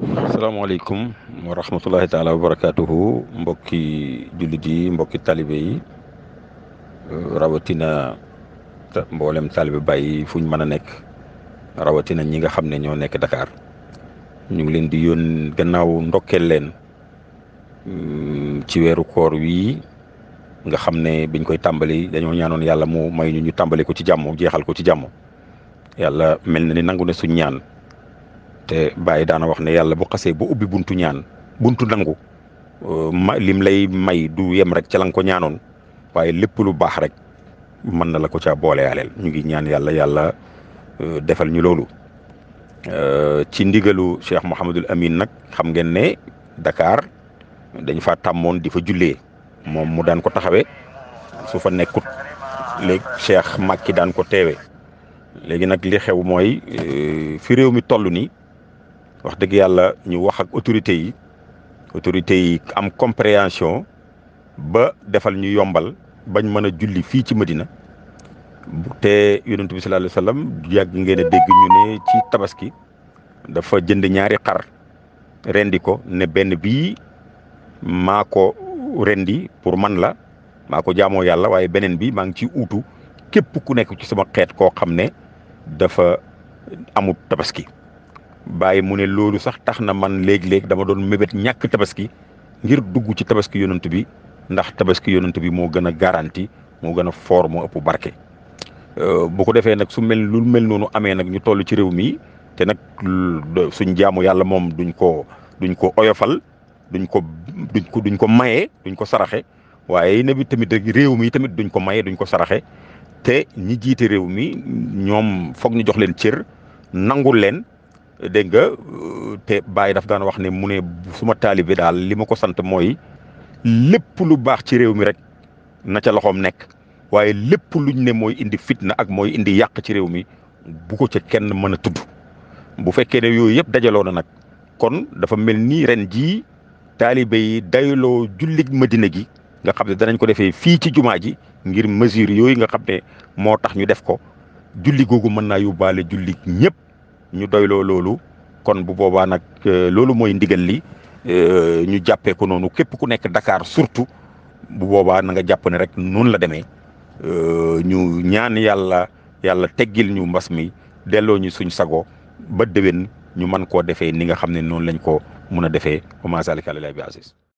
asalaamaaleykum wa rahmatullahi taala wa barakaatuhu mbokki jullit yi mbokki talibe yi rawatina mboolem talibe bàyyi fuñ mën a nekk rawatina ñi nga xam ne ñoo nekk Dakar ñu ngi leen di yoon gannaaw ndokkeel leen mm, ci weeru koor wii nga xam ne biñ koy tàmbali dañoo ñaanoon yàlla moo may ñu ñu tàmbali ko ci jàmm jeexal ko ci jàmm yàlla mel na ni nangu ne suñ ñaan. te bàyyi daana wax ne yàlla boo xasee bu ubbi buntu ñaan buntu nangu ma lim lay may du yem rek ca la ko ñaanoon waaye lépp lu baax rek mën na la ko caa boole yaaleel ñu ngi ñaan yàlla yàlla euh, defal ñu loolu. Euh, ci ndigalu Cheikh Mouhamadul Amin nag xam ngeen ne dakaar dañ fa tàmmoon di fa jullee moom mu daan ko taxawee su fa nekkut léegi Cheikh Makki daan ko teewe léegi nag li xew mooy euh, fi réew mi toll nii. wax dëgg yàlla ñu wax ak autorités yi autorités yi am compréhension ba defal ñu yombal bañ mën a julli fii ci madina te yonent bi sallallahu alayhi yàgg ngeen a dégg ñu ne ci tabaski dafa jënd ñaari xar rendi ko ne benn bi maa ko rendi pour man la maa ko jaamoo yàlla waaye beneen bi maa ngi ci uutu képp ku nekk ci sama xeet koo xam ne dafa amut tabaski bàyyi mu ne loolu sax tax na man léeg-léeg dama doon mébét ñàkk tabaski ngir dugg ci tabaski yonent bi ndax tabaski yonent bi moo gën a garanti moo gën a foor moo ëpp barke. Euh, bu ko defee nag su mel lu mel noonu amee nag ñu toll ci réew mi te nag suñ jaamu yàlla moom duñ ko duñ ko oyofal duñ ko duñ ko duñ ko maye duñ ko saraxe waaye na bi tamit rek réew mi tamit duñ ko maye duñ ko saraxe te ñi jiite réew mi ñoom foog ñu jox leen cër nangul leen. dégg nga te Baye daf daan wax ne mu ne suma taalibe daal li ma ko sant mooy lépp lu baax ci réew mi rek na ca loxoom nekk waaye lépp luñ ne mooy indi fitna ak mooy indi yàq ci réew mi bu ko ca kenn mën a tudd bu fekkee ne yooyu yëpp dajaloo na nag kon dafa mel nii ren jii taalibe yi dayloo jullit Madina gi nga xam ne danañ ko defee fii ci jumaa ji ngir mesure yooyu nga xam ne moo tax ñu def ko julli googu mën naa yóbbaale jullit ñëpp ñu doyloo loolu kon bu boobaa nag euh, loolu mooy ndigal li euh, ñu jàppee ko noonu képp ku nekk Dakar surtout bu boobaa na nga jàpp ne rek noonu la demee euh, ñu ñaan yàlla yàlla teggil ñu mbas mi delloo ñu suñ sago ba déwén ñu man koo defee ni nga xam ne noonu lañ ko mun a defee wa maa zaalika alallaahi bi aziiz